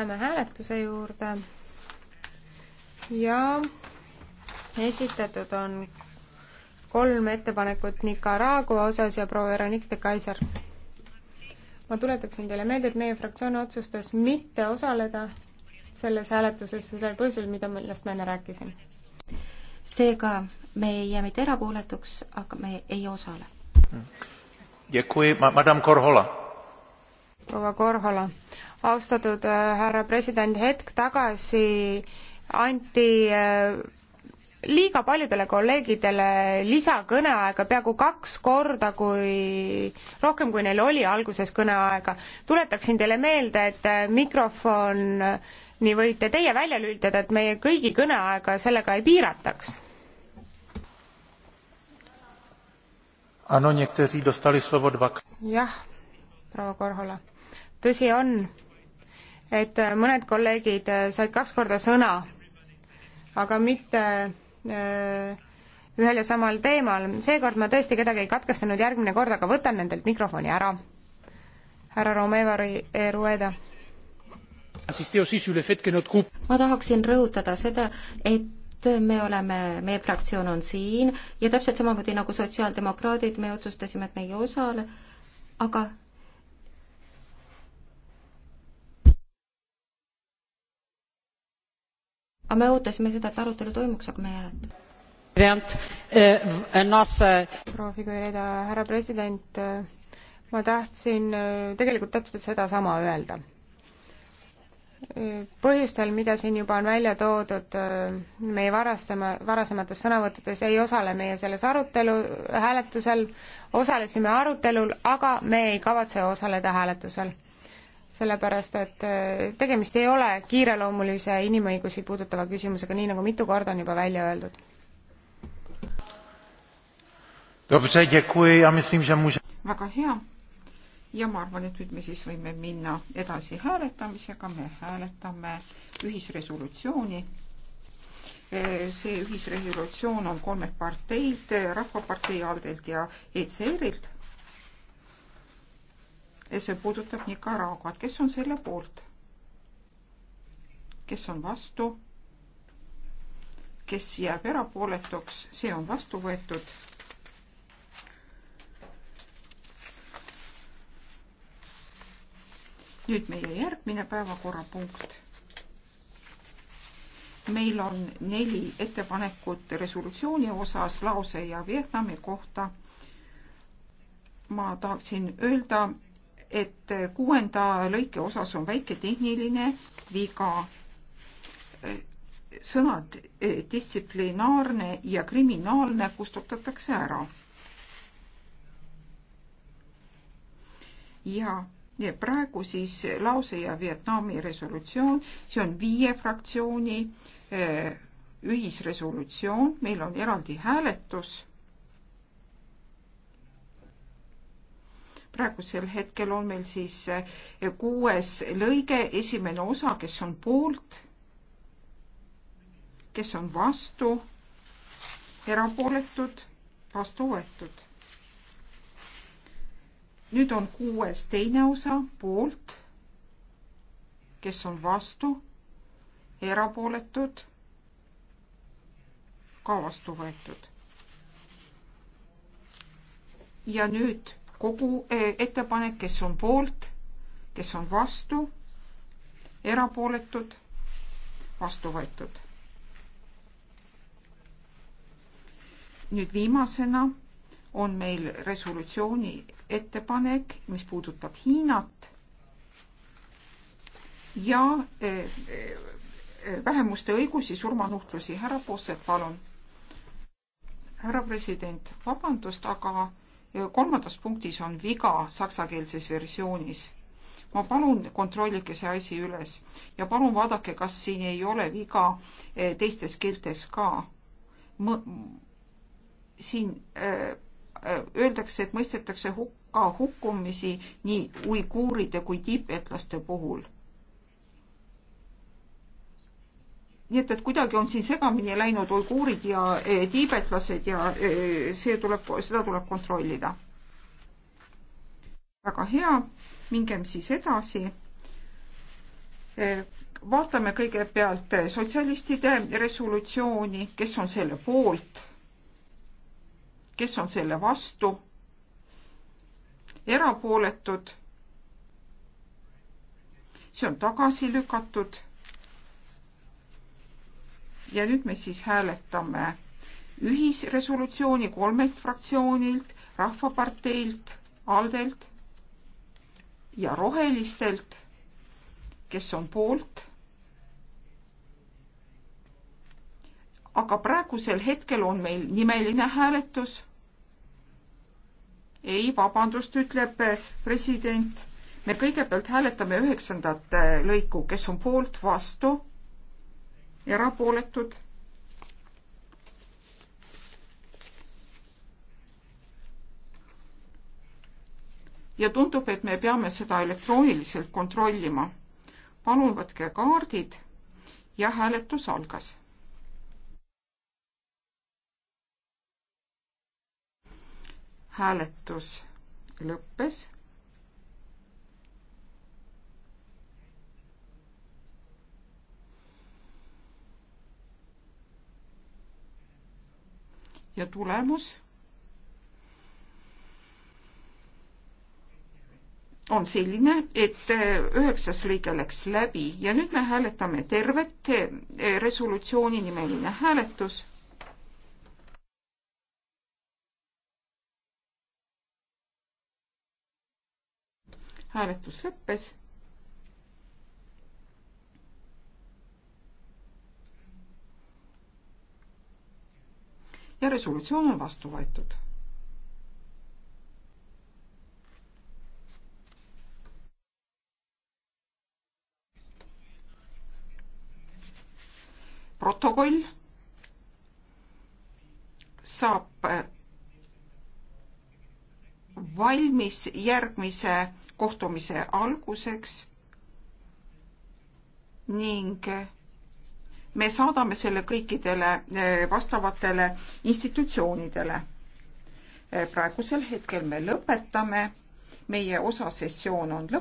Läheme hääletuse juurde. ja esitatud on kolm ettepanekut Nicaragua osas ja proua Veronique de Kaiser. ma tuletaksin teile meelde, et meie fraktsioon otsustas mitte osaleda selles hääletuses sellel põhjusel, mida, millest ma enne rääkisin. seega me ei jää mitte erapooletuks, aga me ei osale. ja kui ma, madam Korhola? proua Korhola austatud äh, härra president, hetk tagasi anti äh, liiga paljudele kolleegidele lisakõneaega, peaaegu kaks korda, kui rohkem, kui neil oli alguses kõneaega. tuletaksin teile meelde, et äh, mikrofon nii võite teie välja lülitada, et meie kõigi kõneaega sellega ei piirataks. jah, proua Korhola, tõsi on et mõned kolleegid äh, said kaks korda sõna, aga mitte äh, ühel ja samal teemal. seekord ma tõesti kedagi ei katkestanud, järgmine kord aga võtan nendelt mikrofoni ära. härra Romeva eh, Rueda. ma tahaksin rõhutada seda, et me oleme, meie fraktsioon on siin ja täpselt samamoodi nagu sotsiaaldemokraadid, me otsustasime, et me ei osale, aga aga me ootasime seda, et arutelu toimuks, aga me ei hääletanud. Eh, eh, proua Figuereda, härra president, eh, ma tahtsin tegelikult täpselt sedasama öelda. põhjustel, mida siin juba on välja toodud meie varastama, varasemates sõnavõttudes, ei osale meie selles arutelu, hääletusel, osalesime arutelul, aga me ei kavatse osaleda hääletusel sellepärast et äh, tegemist ei ole kiireloomulise inimõigusi puudutava küsimusega, nii nagu mitu korda on juba välja öeldud. väga hea ja ma arvan, et nüüd me siis võime minna edasi hääletamisega, me hääletame ühisresolutsiooni. Äh, see ühisresolutsioon on kolmelt parteilt, Rahvapartei, Aldelt ja ECR-ilt see puudutab Nicaraguat, kes on selle poolt? kes on vastu? kes jääb erapooletuks, see on vastu võetud. nüüd meie järgmine päevakorrapunkt. meil on neli ettepanekut resolutsiooni osas Laose ja Vietnami kohta. ma tahaksin öelda et kuuenda lõike osas on väike tehniline viga. sõnad eh, distsiplinaarne ja kriminaalne kustutatakse ära. ja ja praegu siis Laose ja Vietnami resolutsioon, see on viie fraktsiooni eh, ühisresolutsioon, meil on eraldi hääletus praegusel hetkel on meil siis eh, kuues lõige, esimene osa, kes on poolt, kes on vastu, erapooletud, vastu võetud. nüüd on kuues teine osa, poolt, kes on vastu, erapooletud, ka vastu võetud ja nüüd kogu eh, ettepanek, kes on poolt, kes on vastu, erapooletud, vastu võetud. nüüd viimasena on meil resolutsiooni ettepanek, mis puudutab Hiinat ja eh, eh, vähemuste õigusi, surmanuhtlusi. härra Posset, palun. härra president, vabandust, aga kolmandas punktis on viga saksakeelses versioonis. ma palun, kontrollige see asi üles ja palun vaadake, kas siin ei ole viga teistes keeltes ka. siin öö, öeldakse, et mõistetakse hukka hukkumisi nii uiguuride kui tiibetlaste puhul nii et, et kuidagi on siin segamini läinud uiguurid ja e, tiibetlased ja e, see tuleb, seda tuleb kontrollida. väga hea, mingem siis edasi e,. vaatame kõigepealt sotsialistide resolutsiooni, kes on selle poolt, kes on selle vastu, erapooletud, see on tagasi lükatud ja nüüd me siis hääletame ühisresolutsiooni kolmelt fraktsioonilt, Rahvaparteilt, Aldelt ja Rohelistelt, kes on poolt. aga praegusel hetkel on meil nimeline hääletus. ei, vabandust, ütleb president. me kõigepealt hääletame üheksandat lõiku, kes on poolt, vastu erapooletud. ja tundub, et me peame seda elektrooniliselt kontrollima. palun võtke kaardid ja hääletus algas. hääletus lõppes ja tulemus on selline, et äh, üheksas lõige läks läbi ja nüüd me hääletame tervet äh, resolutsiooni nimeline hääletus. hääletus lõppes ja resolutsioon on vastu võetud. protokoll saab äh, valmis järgmise kohtumise alguseks ning äh, me saadame selle kõikidele eh, vastavatele institutsioonidele. Eh, praegusel hetkel me lõpetame, meie osasessioon on lõppenud.